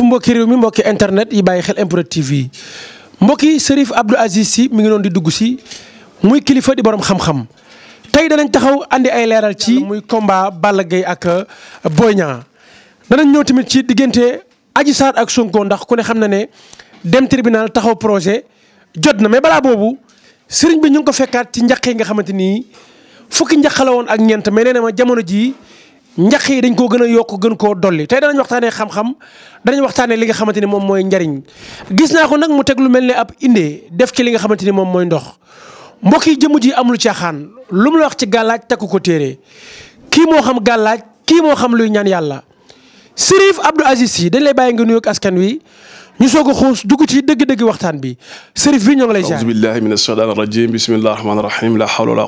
jërëjëf mbokki réew mi mbokki internet yi bàyyi xel MPROD TV yi mbokki Serif Abdou Aziz Sy mu ngi doon di dugg si muy kilifa di boroom xam-xam tey danañ taxaw andi ay leeral ci muy combat Balla Gaye ak euh, Boy Niang danañ ñëw tamit ci diggante aji Sarr ak Sonko ndax ku ne xam na ne dem tribunal taxaw projet jot na mais balaa boobu sëriñ bi ñu ngi ko fekkaat ci njaq yi nga xamante ni fukki njaq la woon ak ñeent mais nee ma jamono jii. njaq yi dañ koo gën a yokk gën koo dolli tey danañ waxtaanee xam-xam danañ waxtaanee li nga xamante ni moom mooy njariñ gis naa ko nag mu teg lu mel ni ab indee def ci li nga xamante ni moom mooy ndox mbokk yi jëmm ji amul caaxaan lu mu la wax ci gàllaaj takku ko téere kii moo xam gàllaaj kii moo xam luy ñaan yàlla Sérif Abdou Aziz Sy dañ lay bàyyi nga nuyoog askan wi ñu soog a xuus dugg ci dëgg-dëgg waxtaan bi Sérif bi ñoo ngi lay jaar auzu billahi la hawla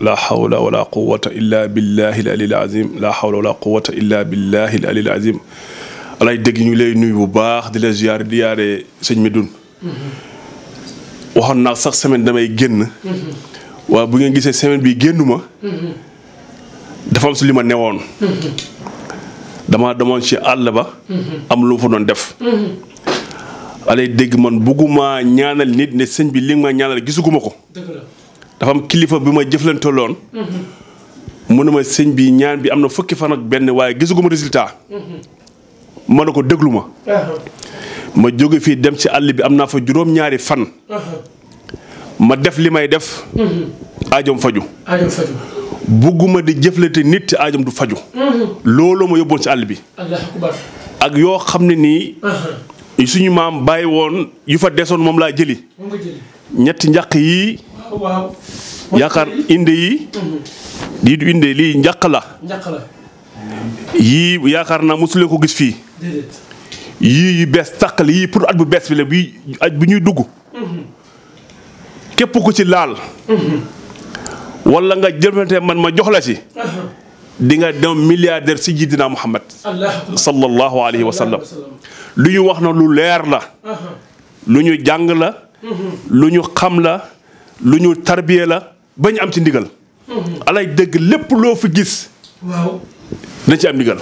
laa xawla wala quwwata illa billahi al aliyyil azim laa hawla wala quwwata illa billahi al aliyyil azim alay dégg ñu lay nuyu bu baax di la ziyaar di yaare sëñ Medoune waxoon naa sax semaine damay génn waaw bu ngeen gisee semaine bi génnuma dafa am si li ma newoon dama demoon ci àll ba am lu mu fa doon def alay dëgg man bëgguma ñaanal nit ne sëñ bi li nga ma ñaanal gisuguma ko dafa kilifa bi ma jëflante loon mu ma sëñ bi ñaan bi am na fukki fan ak benn waaye gisuguma résultat ma ne ko déglu ma ma jóge fii dem ci àll bi am na fa juróom-ñaari fan ma def li may def aajom faju bugguma di jëflante nit te du faju looloo ma yóbboon ci àll bi ak yoo xam ne nii suñu maam bàyyi woon yu fa desoon moom laa jëli ñetti njaq yii yaakaar inde yi lii du inde lii njaq la yii yaakaar naa mosulee ko gis fii yii yi bees tàq la yii pour at bu bees bi la bi bu ñuy dugg képp ku ci laal wala nga jëfante man ma jox la ci uh-huh. di nga dem milliardaire si jiidina Muhammad sallallahu alayhi wa lu ñu wax na lu leer la uh-huh. lu ñu jàng la uh-huh. lu ñu xam la lu ñu tarbiye la bañ am ci ndigal. Mhm. alay dëgg lépp loo fi gis. waaw ci am ndigal.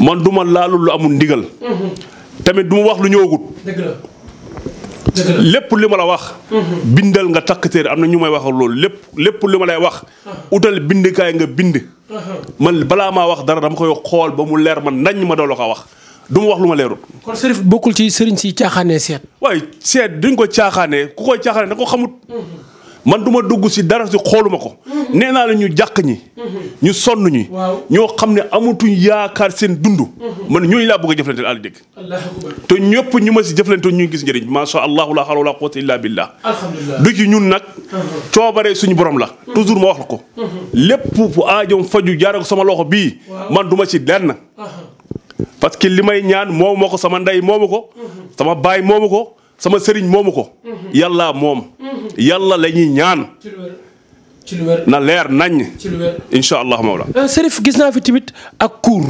man du ma laalul lu amul ndigal. Mhm. tamit du ma wax lu ñëwagut. dëgg lépp li ma la wax. Mhm. bindal nga takk téere am na ñu may waxal loolu lépp lépp lu ma lay wax. Ah. utal bindkaay nga bind. Ah. man balaa maa wax dara dama koy xool ba mu leer man nañ ma doo la ko wax. du ma wax lu ma leeru kon bokkul ci sëriñ si caaxaanee seet. waaye seet du duñ ko caaxaanee ku koy caaxaanee da ko xamut. Mhm. man du ma dugg si dara si xooluma ko. Mhm. nee naa la ñu jàq ñi. Mhm. ñu sonn ñi. ñoo xam ne amatuñ yaakaar seen dund. man ñooñu laa bëgg a jëflanteel àll dëgg. te ñëpp ñu ma si jëflante ñu gis njëriñ macha allah la hawla wala quwwata illa billah. alhamdulilah du ñun nag. coobare suñu borom la. toujours ma wax la ko. lépp fu aajoom faju jaaree sama loxo bii. man du ma si parce que li may ñaan moomu ma ko sama ndey moomu ko sama baay moomu ko sama sëriñ moomu ko yàlla moom yàlla la ñuy ñaan na leer nañ incha allah mawla euh, sërif gis naa fi tamit ak kuur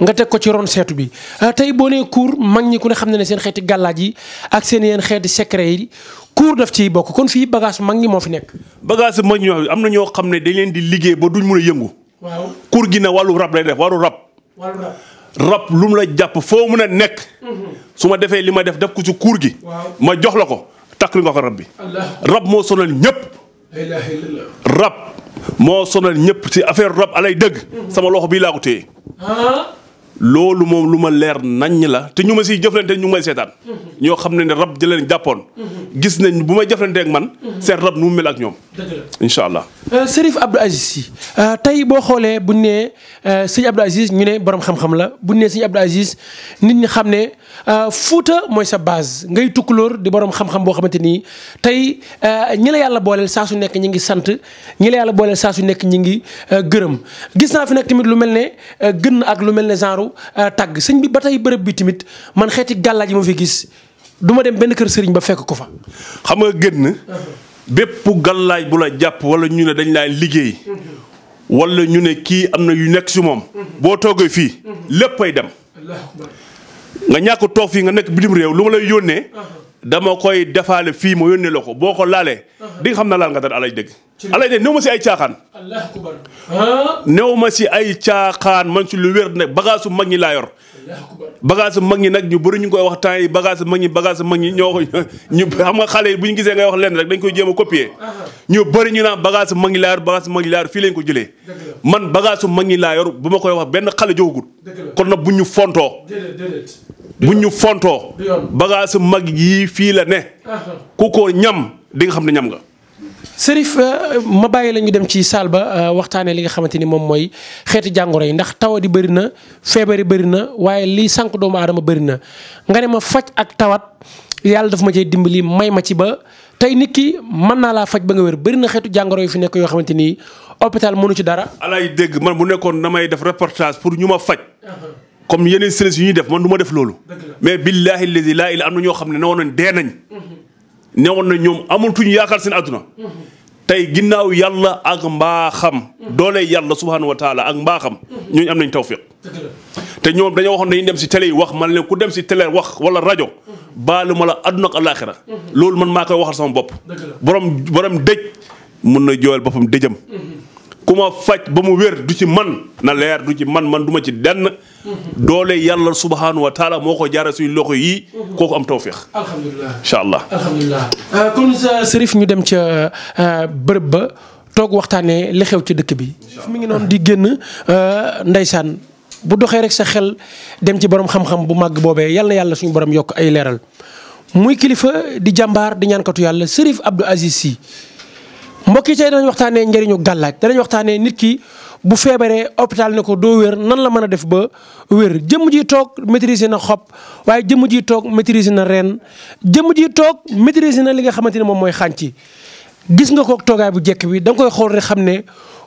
nga teg ko ci ron seetu bi euh, tey boo nee kuur mag ñi ku ne xam na ne seen xeeti gàllaaj yi ak seen yeen xeeti secret yi kuur def ci bokk kon fii bagage mag ñi moo fi nekk bagage mag ñi am na ñoo xam ne dañ leen di liggéey ba duñ mun a yëngu kuur gi ne wàllu rab rab lu la jàpp foo mun a nekk. su ma defee li ma def def ko ci kuur gi. ma jox la ko takk nga ko rab bi. rab moo sonal ñëpp. rab moo sonal ñëpp ci affaire rab alay dëgg. Mhm. sama loxo bii laa ko téye. Ah. loolu moom lu ma leer naññ la te ñu ma si jëflante ñu ngi may seetaan. ñoo xam ne ne rab di leen jàppoon. gis nañ bu may jëflante man. seen rab nu mu mel ak ñoom. incha allah. Euh, Serif Abdou Aziz Sy euh, tey boo xoolee bu nee euh, sëñ Abdou Aziz ñu ne borom xam-xam la bu ne sëñ Abdou Aziz nit ñi xam ne Fuuta mooy sa base ngay tukkulóor di borom xam-xam boo xamante ni tey ñi la yàlla booleel saa su nekk ñi ngi sant ñi la yàlla booleel saa su nekk ñi ngi gërëm gis naa fi nag tamit lu mel ne gën ak lu mel ne genre genre euh, tàgg sëñ bi ba tey bërëb bi tamit man xeeti gàllaaj yi ma fi gis duma dem benn kër sëriñ ba fekk ko fa. xam nga génn uh-huh. bépp gàllaaj bu la jàpp wala ñu ne dañ lay liggéey uh-huh. wala ñu ne kii am na yu nekk si moom uh-huh. boo toogee fii léppay dem nga ñàkk toog fii nga nekk bitim réew lu ma lay yónnee. dama koy defaale fii moo yónnee la ko boo ko laalee. Uh-huh. di xam na laal nga dara alay dëgg. alay dëgg néew ma si ay caaxaan. néew ma si ay caaxaan man si lu wér nag bagaasu mag ñi laa yor. bagaasu mag ñi nag ñu bëri ñu ngi koy wax temps yi bagage mag ñi bagage mag ñi ñoo ñu xam nga xale yi bu ñu gisee ngay wax lenn rek dañ koy jéem a copier ñu bëri ñu naan bagage mag ñi laa yor mag ñi laa fii lañ ko jëlee man bagage mag ñi laa yor bu ma koy wax benn xale jógagul kon nag bu ñu fontoo bu ñu fontoo bagaasu mag yii fii la ne ku ko ñam di nga xam ne ñam nga Serif euh, ma bàyyi la ñu dem ci saal ba euh, waxtaanee li nga xamante ni moom mooy xeeti jàngoro yi ndax tawat yi bëri na feebar bëri na waaye liy sànq doomu aadama bëri na nga ne ma faj ak tawat yàlla daf ma cee dimbali may ma ci ba tey nit ki mën naa laa faj ba nga wér bëri na xeetu jàngoro yi fi nekk yoo xamante ni hôpital mënu ci dara. alaay dégg man mu nekkoon damay def reportage pour ñu ma faj. comme yeneen services yu ñuy def man du ma def loolu. mais billahi lazi am na ñoo xam ne ne woon nañ dee nañ. Mhm. newoon na ñoom amatuñu yaakaar seen àdduna tey ginnaaw yàlla ak mbaaxam doole yàlla subhanahu wa taala ak mbaaxam ñooñu am nañ tawfiq te ñoom dañoo waxoon dañuy dem si télé yi wax man leen ku dem si télé wax wala rajo baalu ma la àdduna ak alaaxira loolu man maa koy waxal sama bopp borom borom dëj mun na jooyal boppam dëjam ku faj ba mu wér du ci man na leer du ci man man du ma ci denn doole yàlla subhanahu wa taala moo ko jaara suñu loxo yi kooku am tawféex alhamdulilah incha allah alhamdulilah euh, kon sa ñu dem ca euh, bërëb ba toog waxtaanee li xew ci dëkk bi fi mi ngi noonu di génn euh, ndeysaan bu doxee rek sa xel dem ci borom xam-xam bu màgg boobee yàlla yàlla suñu borom yokk ay leeral muy kilifa di jàmbaar di ñaankatu yàlla sërif Abdou Aziz Sy mbokk yi tey danañ waxtaanee njëriñu gàllaaj danañ waxtaanee nit ki bu feebaree hôpital ne ko doo wér nan la mën a def ba wér jëmm ji toog maîtriser na xob waaye jëmm ji toog maîtriser na reen jëmm ji toog maîtriser na li nga xamante ne moom mooy xànc gis nga kook toogaay bu jekk bi da nga koy xool rek xam ne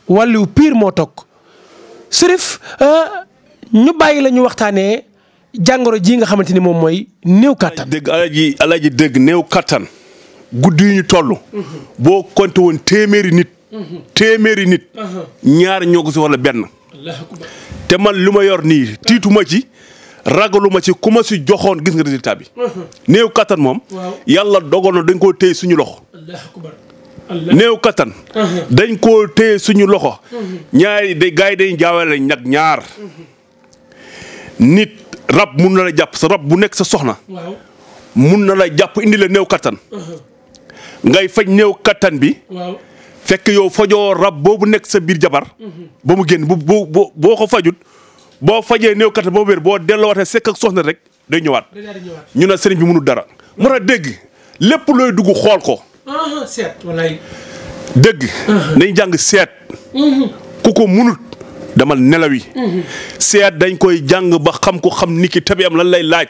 wàllu piir moo toog Cherif euh, ñu bàyyi la ñu waxtaanee jàngoro ji nga xamante ni moom mooy néew kattan. dégg alaaji alaaji dégg néew kattan. guddi yu ñu toll. boo konte woon téeméeri nit. téeméeri nit. ñaar ñoo ko si wala benn. te man lu ma yor nii tiitu ci. ragaluma ci ku ma joxoon gis nga résultat bi. néew kattan moom. yàlla dogal dañ koo téye suñu loxo. néew kattan. Uh-huh. dañ koo téye suñu loxo. Uh-huh. ñaari day gars yi dañ jaawale nag ñaar. Uh-huh. nit rab mun na la jàpp sa rab bu nekk sa soxna. mun na la jàpp indi la néew kattan. ngay faj néew kattan bi. fekk yow fajoo rab boobu nekk sa biir jabar. ba mu génn bu boo boo ko fajut boo fajee néew kattan ba mu wér boo delloowatee sekk ak soxna rek day ñëwaat. ñu ne sëriñ bi mënul dara. mën a dégg lépp looy dugg xool ko. seet walaay. dégg. seet. ku ko munut damal nelawi seet dañ koy jàng ba xam ko xam niki tabi am lan lay laaj.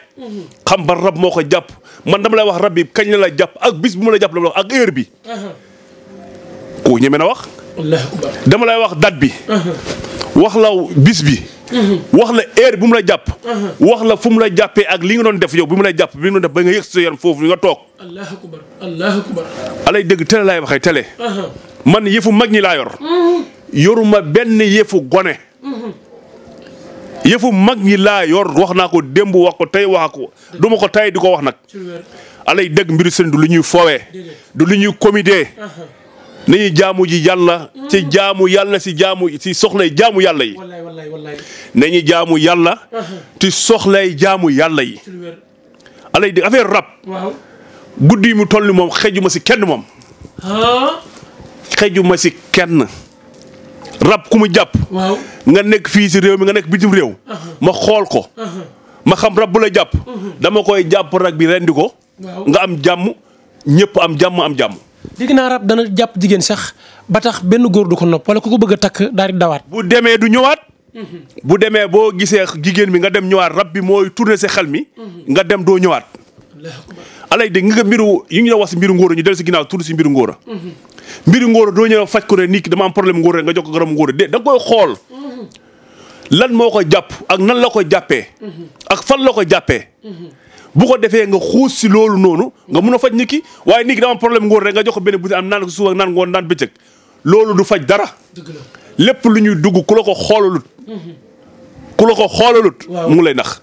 xam ba rab moo ko jàpp. man dama lay wax rab bi kañ la la jàpp ak bis bu ma la jàpp la wax ak heure bi. koo ñeme na wax. dama lay wax date bi. wax la bis bi. wax la heure bu mu la jàpp. wax la fu mu la jàppee ak li nga doon def yow bu mu la jàpp bi nga doon def ba nga yëg sa yaram foofu nga toog. allahu akbar allahu akbar. alay dëgg télé laay waxee télé. man yëfu mag ñi laa yor. Mhm. yoruma benn yëfu gone. yëfu mag ñi laa yor wax naa ko démb wax ko tey wax ko du ma ko tey di ko wax nag. alay dégg mbiru sëriñ du lu ñuy foowee du lu ñuy comité nañu jaamu ji yàlla ci jaamu yàlla si jaamu si soxlay jaamu yàlla yi nañu jaamu yàlla soxlay jaamu yàlla yi alay dégg affaire rab guddi mu toll ni moom xeju ma si kenn moom xeju si kenn rab ku mu jàpp. nga nekk fii si réew mi nga nekk bitim réew. Uh-huh. ma xool ko. Uh-huh. ma xam rab bu la jàpp. Uh-huh. dama koy jàpp rag bi rendi ko. nga am jàmm ñëpp am jàmm am jàmm. dégg naa rab dana jàpp jigéen sax ba tax benn góor du ko nopp wala ku ko bëgg a takk daal di dawaat. bu demee du ñëwaat. bu demee boo gisee jigéen bi nga dem ñëwaat rab bi mooy tourner sa xel mi. nga dem doo ñëwaat. alay dégg nga mbiru yi ñu la wax si mbiru ngóor ñu del si ginnaaw tudd si mbiru ngóor mbiri ngóor doo ñëw faj ko rek ki dama am problème ngóor rek nga jox ko garabu ngóor de koy xool lan moo ko jàpp ak nan la ko jàppee ak fan la ko jàppee bu ko defee nga xuus si loolu noonu nga mun a faj nit ki waaye nit ki dama am problème ngóor rek nga jox ko benn buti am naan ko suuf ak naan ngoon naan bëccëg loolu du faj dara lépp lu ñuy dugg ku la ko xoolalul mhm. ku la ko xoolalut. mu ngi lay nax.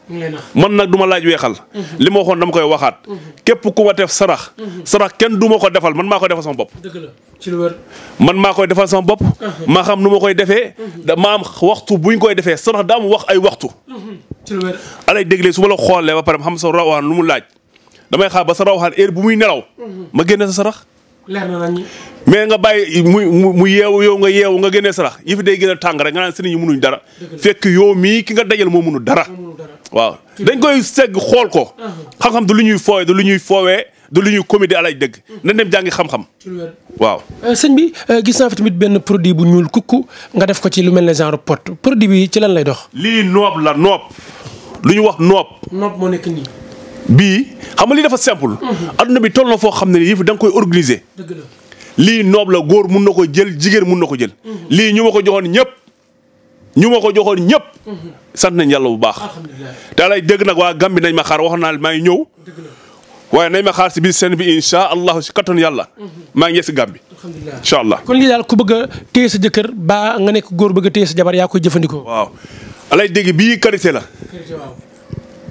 man na du ma laaj weexal. Mhm. li ma waxoon dama koy waxaat. Mhm. képp ku ma def sarax. Mhm. sarax kenn du ko defal man maa koy defal sama bopp. dëgg la ci lu wër. man maa koy defal xam nu ma koy defee. da maa am waxtu buñ koy defee sarax daa am wax ay waxtu. ci lu wër alay déglee su ma la xoolee a pare xam sa rawaan lu mu laaj damay xaar ba sa rawaan heure bu muy nelaw. ma génne sa sarax. leer na nañ mais nga bàyyi mu mu yeewu yow nga yeewu nga génnee sarax yi fi day gën tàng rek nga naan sëriñ yi munuñ dara. fekk yow mii ki nga dajal moo munu dara. waaw dañ koy segg xool ko. Ah. xam-xam du lu ñuy fooyee du lu ñuy foowee du lu ñuy comédie alay dëgg. Mm. nañ dem jàngi xam-xam. waaw. Euh, sëñ bi euh, gis naa fi tamit benn produit bu ñuul kukku nga def ko ci lu mel ne genre pot produit bi ci lan lay dox. lii noob la noob lu ñu wax noob. noob moo nekk nii. bii xam li lii dafa simple. Mhm. adduna bi toll na foo xam ne yëf da nga koy organiser. lii noob la góor mun na ko jël jigéen mun na ko jël. Mhm. lii ñu ma ko joxoon ñëpp. ñu ma ko joxoon ñëpp. Mhm. sant nañ yàlla bu baax. daa lay dégg nag waa Gambie nañ ma xaar wax naa maa ngi ñëw. waaye nañ ma xaar si biir seen bi incha allahu si kattan yàlla. maa ngi yegg si allah kon lii daal ku bëgg a téye sa jëkkër baa nga nekk góor bëgg a téye sa jabar yaa koy jëfandikoo. waaw alay dégg bii karité la.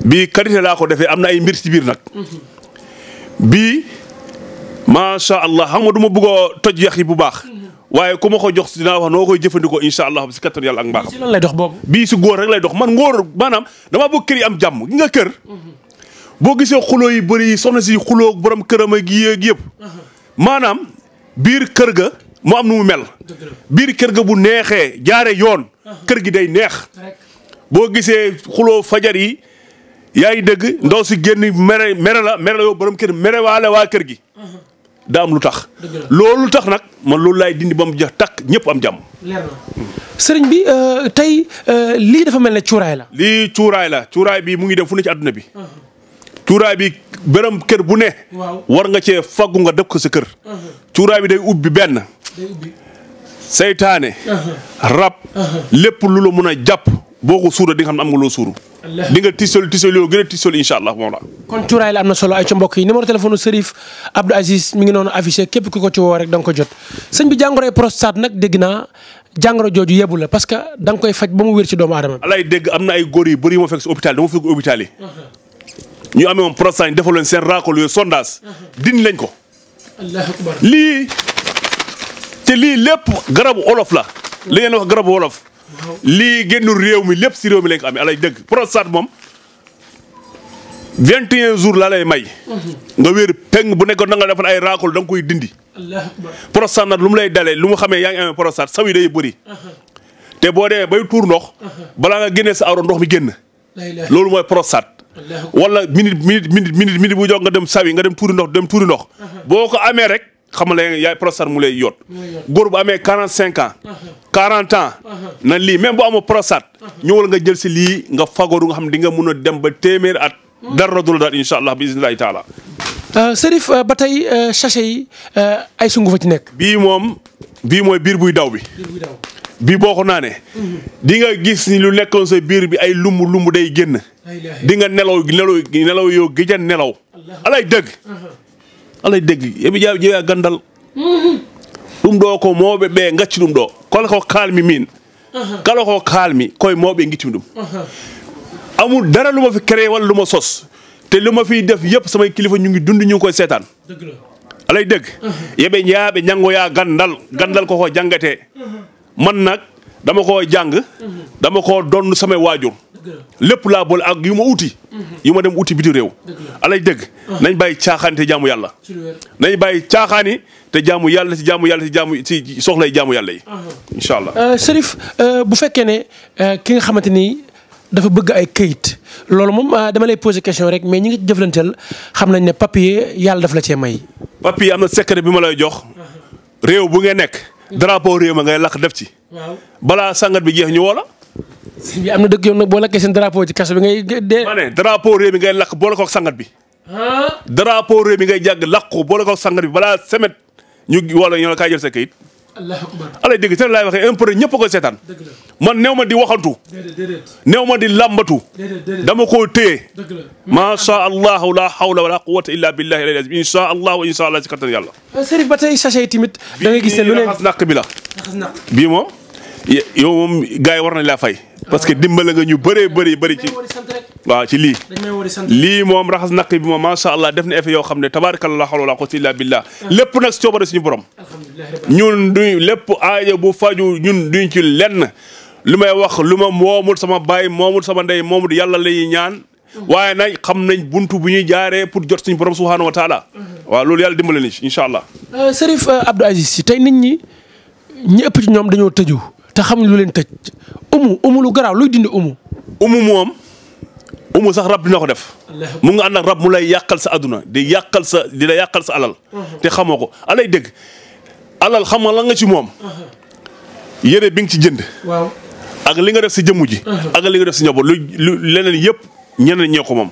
bii qualité laa ko defee am na ay mbir ci biir nag. bii macha allah xam nga du ma bëgg a toj yax yi bu baax. waaye ku ma ko jox dinaa wax noo koy jëfandikoo incha allah si kattan yàlla ak mbaaxam. si lan lay dox boobu. bii si góor rek lay dox man ngóor maanaam dama bëgg kër yi am jàmm gi nga kër. boo gisee xuloo yu bëri yi soxna si xuloo borom këram ak yéeg yëpp. maanaam biir kër ga mu am nu mu mel. biir kër ga bu neexee jaare yoon. Ah. kër gi day neex. boo gisee xuloo fajar yi. yaa ngi dégg ndaw si génn mere mere la mere la kër mere waa kër gi. daa lu tax. loolu tax nag ma loolu laay dindi ba mu jeex takk ñépp am jàmm. leer bi euh, tey euh, lii dafa mel ne cuuraay la. lii cuuraay la cuuraay bi mu ngi dem fu ne ci àdduna bi. cuuraay bi borom kër bu ne. war nga cee faggu nga def ko sa kër. cuuraay bi day ubbi benn. day ubbi seytaane. Uh-huh. rab uh-huh. lépp lu la mun a jàpp. boo ko suura di nga xam ne am nga loo suuru. di nga tiisal tiisal yoo gën a allah moom la. kon cuuraay la am na solo ay ca mbokk téléphone Serif Abdou Aziz mi ngi noonu affiché képp ku ko ci woo rek da ko jot sëñ bi jàngoroy prostate nag dégg naa jàngoro jooju yebu la parce que da koy faj ba mu wér ci doomu aadama bi. alay dégg am na ay góor yu bëri yu ma fekk si hôpital dama fekk hôpital yi. Uh-huh. ñu amee woon prostate ñu defal leen seen uh-huh. la. li ngeen wax lii génnul réew mi lépp si réew mi lañ ko amee alay dëgg prostate moom 21 jours laa lay may. nga wér peng bu nekkoon da nga defal ay raakol da koy dindi. prostate nag lu lay dalee lu mu xamee yaa ngi amee prostate saw yi day bëri. te boo demee bay tuur ndox. balaa nga génnee sa aaroon ndox mi génn. loolu mooy prostate. wala minute minute minute minute bu jóg nga dem sawi nga dem tuuri ndox dem tuuri ndox. boo ko amee rek. xam la yaay prostate mu lay yot góor bu amee quarante cinq ans quarante ans na lii même bu amoo prostate ñëwal nga jël si lii nga fagoru nga xam di nga mun a dem ba téeméer at dara du la daal incha allah bi isnillahi taala euh, Serif euh, ba tey euh, sachet yi ay sungu fa ci nekk bii moom bii mooy biir buy daw bi bi boo ko naanee mhm. di nga gis ni lu nekkoon sa biir bi ay lumb lumb day génn di nga nelaw nelaw nelaw yoo gëjan nelaw alay dëgg alaydeggi eɓe ƴawi ƴeewi a gandal ɗum ɗo ko mawɓe ɓe gacci ɗum ɗo kala ko kalmi min kala ko kalmi koye mawɓe guittimi ɗum amul dara luma fi créé luma sos te luma fi def yëpp samay kilifa ñu ngi dund ñu koy seetaan alay dëgg yeɓe jaaɓe ñangoya gandal gandal koko jangate man dama koo jàng. dama koo donn samay waajur. lépp laa boole ak yu ma uti. yu ma dem uti biti réew. alay dëgg nañ bàyyi caaxaan te jaamu yàlla. nañ bàyyi caaxaani te jaamu yàlla si jaamu yàlla ci jaamu ci soxlay jaamu yàlla yi. Ah ah. incha allah euh, Cherif euh, bu fekkee ne euh, ki nga xamante ni dafa bëgg ay këyit loolu moom dama lay poser question rek mais ñi nga jëflanteel xam nañ ne papier yàlla daf la cee may. papier am na secret bi ma lay jox. Ah réew bu ngeen nekk. drapeau réew ma ngay lakk def ci. balaa sangat bi jeex ñu woo la. bi am na dëkk yoon nag boo lakkee seen drapeau ci kaso bi ngay dee. ma ne drapeau réew mi ngay lakk boole koog sangat bi. drapeau réew mi ngay jàgg lakk ko boole koog sangat bi balaa semet ñu woo la ñu ne kaay jël sa kayit. alay dégg seen laay waxee un peu ñëpp ko seetaan man néew ma di waxantu néew ma di lambatu dama koo téye maa sha allahu la hawla wala quwata illa billahi lay azim insha allah wa insha allah si kattan yàlla sëriñ ba tey sachet yi tamit da nga gis ne lu leen raxas naq bi la bii moom yow moom yi war nañ laa fay parce que dimbale nga ñu bëree bëri bëri ci waaw ci lii lii moom raxas naq bi moom ma macha allah def na effet yoo xam ne tabaarakallah laa hawla wala quwwata illa billah ah. lépp nag coobare ñu borom ñun duñ lépp aajo bu faju ñun duñ ci lenn lu may wax lu ma moomul sama baay moomul sama ndey moomul yàlla lay ñaan mm-hmm. waaye nag xam nañ buntu bu ñuy jaaree pour jot suñu borom subhaanahu wa taala mm-hmm. waaw loolu yàlla dimbale ni incha allah Cherif euh, euh, Abdou Aziz tey nit ñi ñi ci ñoom dañoo tëju te xam lu leen tëj umu umu lu garaaw luy dindi umu. umu moom umu sax rab dina ko def. mu nga ànd ak rab mu lay yàqal sa àdduna di yàqal sa di la yàqal sa alal. Uh-huh. te xamoo ko alay dégg alal xam nga la nga ci moom. Uh-huh. yére bi nga ci jënd. waaw ak li nga def si jëmmu ji. Uh-huh. ak li nga def si njaboot lu lu leneen yëpp ñeneen ñee ko moom.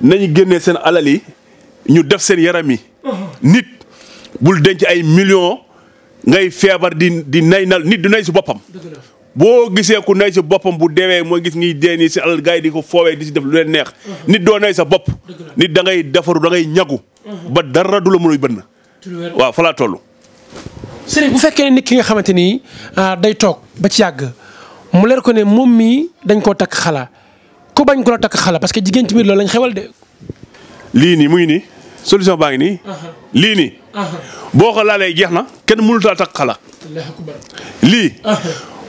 nañu génnee seen alal yi ñu def seen yaram yi. nit bul denc ay millions ngay feebar di di nay nal nit du nay si boppam. boo gisee ku nay si boppam bu deewee mooy gis ngiy dee nii si alal gars yi di ko foowee di si def lu leen neex mm-hmm. nit doo nay sa bopp nit dangay ngay defaru da ngay ñagu mm-hmm. ba dara du la mënuy bënn waaw fa laa toll sëriñ bu fekkee ne nit ki nga xamante ni ah, day toog ba ci yàgg mu leer ko ne moom mii dañ koo takk xala ku bañ ko la takk xala parce que jigéen ci biir loolu lañ xewal de lii nii mu nii solution baa ngi nii uh-huh. lii nii uh-huh. boo ko laalee jeex na kenn mënut a takk xala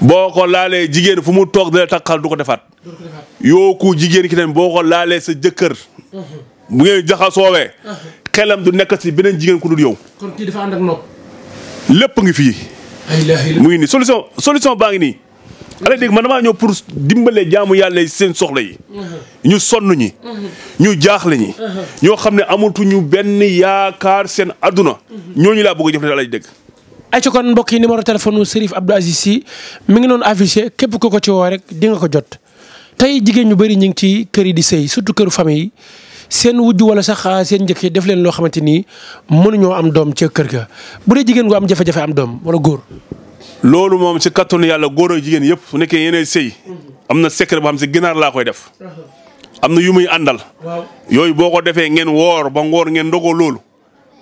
boo ko laalee jigéen fu mu toog dina takkal du ko defaat ku jigéen ki tamit boo ko laalee sa jëkkër uh-huh. bu ngeen jaxasoowee uh-huh. xelam du nekk si beneen jigéen ku yow kon kii dafa ànd lépp ngi fii mu ngi nii solution solution baa ngi nii uh-huh. ala dégg man damaa ñëw pour dimbalee jaamu yàlla seen soxla yi ñu sonn ñi ñu jaaxle ñi ñoo xam ne amatuñu benn yaakaar seen adduna ñooñu laa bëgg a jëfandikoo ala dégg ay ci kon mbokk yi numéro téléphone u Serif Abdou Aziz Sy mi ngi noonu affiché képp ku ko ci woo rek di nga ko jot tey jigéen ñu bari ñu ngi ci kër yi di sëy surtout këru famille seen wujj wala sax ah, seen njëkk yi def leen loo xamante ni mënuñoo am doom ca kër ga bu dee jigéen gu am jafe-jafe am doom wala góor loolu moom si kattanu yàlla góor ak jigéen yëpp su nekkee yéenay sëy am na secret boo xam si ginaar laa koy def uh-huh. am na yu muy àndal yooyu boo ko defee ngeen woor ba ngoor ngeen ndogoo loolu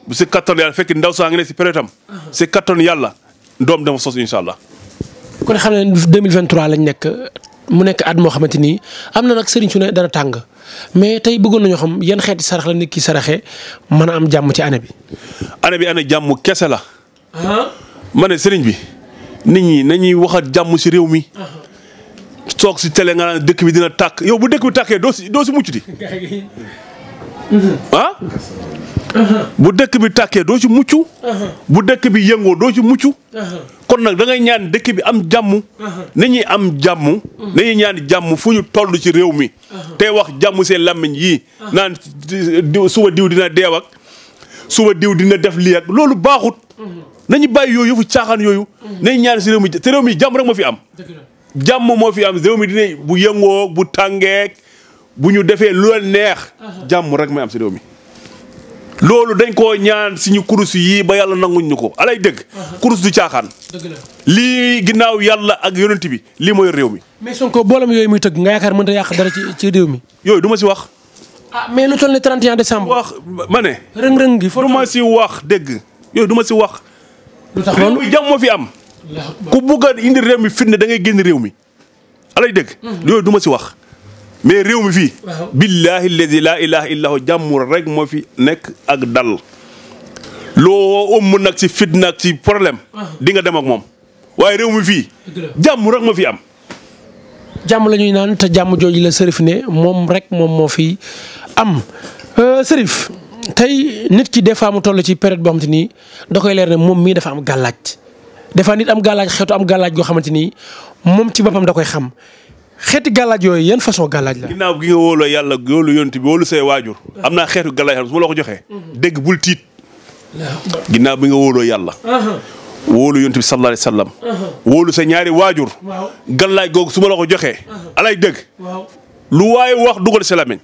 bu si kattan yàlla fekk ndaw saa ngi ne si yàlla doom dama sos incha allah. kon xam ne 2023 lañ nekk mu nekk at moo xamante ni am na nag sëriñ su ne dana tàng mais tey bëggoon nañu xam yan xeeti sarax la nit ki saraxe mën a am jàmm ci année bi. année bi année jàmm kese la. Ah. ma ne sëriñ bi nit ñi nañuy waxat jàmm si réew mi. soog ah. si télé nga naan dëkk bi dina tàkk yow bu dëkk bi tàkkee doo si doo si mucc di. Ah? bu dëkk bi tàkkee doo ci mucc. bu dëkk bi yëngoo doo ci mucc. kon nag dangay ñaan dëkk bi am jàmm. na ñuy am jàmm. na ñaan jàmm fu ñu toll ci réew mi. tey wax jàmm seen làmmiñ yii. naan diw suba diw dina deew ak suba diw dina def lii loolu baaxut. nañu bàyyi yooyu yëfu caaxaan yooyu. nañ ñaan si réew mi te réew mi jàmm rek moo fi am. jàmm moo fi am réew mi dina bu yëngoo bu tàngeek bu ñu defee lu neex. jàmm rek may am si réew mi. loolu dañ koo ñaan suñu kurus yii ba yàlla nanguñ ñu ko alay dëgg. Uh-huh. kurus du caaxaan. dëgg la lii ginnaaw yàlla ak yonent bi lii mooy réew mi. mais Sonko boolam yooyu muy tëgg nga yaakaar mënta yàq dara ci ci réew mi. yooyu du si wax. ah mais lu toll ni 31 décembre. wax ma ne. rëng-rëng gi foofu du ma si wax dëgg yooyu du si wax. lu tax loolu réew mi moo fi am. ku bugg a indi réew mi fitna da ngay génn réew mi alay dëgg. Mm-hmm. yooyu du si wax. mais réew mi fii. billaahi alladi laa ilaaha illaahu jàmm rek moo fi nekk ak dal. loo ëmm nag ci fitna ak ci problème. di nga dem ak moom. waaye réew mi fii. jàmm rek moo fi am. jàmm la ñuy naan te jàmm jooju la sërif ne moom rek moom moo fi am euh, sërif tey nit ki des fois mu toll ci période boo xamante ni da koy leer ne moom mii dafa am gàllaaj des fois nit am gàllaaj xeetu am gàllaaj goo xamante ni moom ci boppam da koy xam xeeti galaaj yooyu yan façon galaaj la. ginnaaw gi yàlla wóolu yonent bi wóolu say waajur. am na xeetu galaaj xam su ma la ko joxee. Mhm. dégg bul tiit. ginnaaw bi nga wóoloo yàlla. wóolu yonent bi sallallahu alayhi wasallam. wóolu sa ñaari waajur. galaaj googu suma ma la ko joxee. dëgg. lu waaye wax dugal si làmmiñ.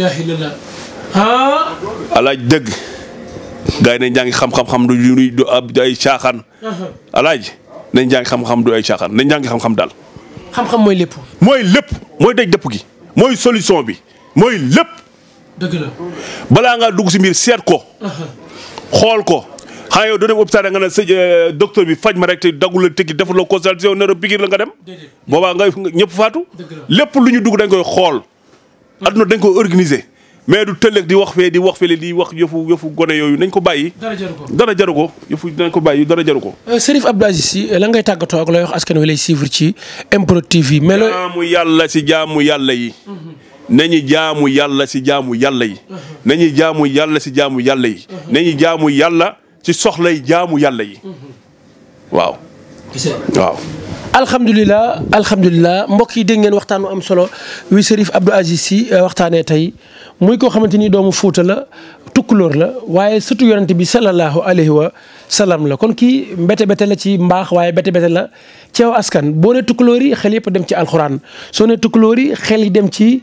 la ah. alaaj dëgg. gars yi nañ xam-xam-xam du du ay caaxaan. alaaj nañ jàngi xam-xam du ay caaxaan nañ xam-xam daal. xam-xam mooy lépp. mooy lépp mooy daj dëpp gi mooy solution bi mooy lépp. dëgg la balaa ngaa dugg si mbir seet ko. xool ko xanaa yow doo dem hôpital nga ne sa euh, docteur bi faj ma rek te dagul la tëggi deful la consultation nero piqûre la nga dem. boobaa nga ñëpp faatu. lépp lu ñu dugg dañ koy xool. adduna dañ koy organiser. mais du tëllëg di wax fee di wax fele di wax yëfu yëfu gone yooyu nañ ko bàyyi. dara jaru ko dara ko yëfu ko bàyyi dara jaru ko. Euh, Serif Abdou Aziz Sy lan ngay tàggatoo ak looy wax askan wi lay suivre ci MPROD TV. mais looy jaamu yàlla si jaamu yàlla yi. nañu jaamu yàlla si jaamu yàlla yi. nañu jaamu yàlla si jaamu yàlla yi. nañu jaamu yàlla si soxlay jaamu yàlla yi. waaw. alhamdulillah alhamdulilah alhamdulilah mbokk yi dégg ngeen waxtaan am solo wi Serif Abdou Aziz Sy euh, waxtaanee tey muy koo xamante ni doomu Fuuta la tukkulóor la waaye surtout yonent bi sallallahu alayhi wa salaam la kon kii mbete bete la ci mbaax waaye bete bete la ceew askan boo ne tukkulóor yi xel yëpp dem ci alxuraan soo ne yi xel yi dem ci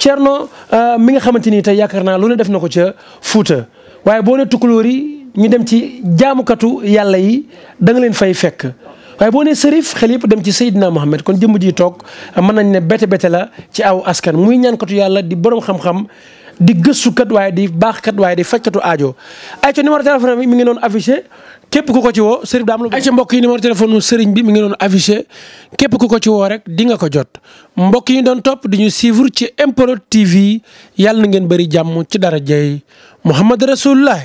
Cerno ah, mi nga xamante ni tey yaakaar naa lu ne def na ko ca Fuuta waaye boo ne tukkulóor yi ñu dem ci jaamukatu yàlla yi da leen fay fekk waaye boo nee sërif xel yëpp dem ci Seydina Mohamed kon jëmm ji toog mën nañ ne bete bete la ci aw askan muy ñaankatu yàlla di borom xam-xam di gëstukat waaye di baaxkat waaye di fajkatu aajo. ayca numéro téléphone bi mi ngi doon affiché képp ku ko ci woo sërif daa am lu. ayca mbokk yi numéro bi mu ngi doon affiché képp ku ko ci woo rek di nga ko jot mbokk yi doon topp di ñu suivre ci MPROD TV yàlla ngeen bëri jàmm ci dara jëy Mouhamed Rasulullah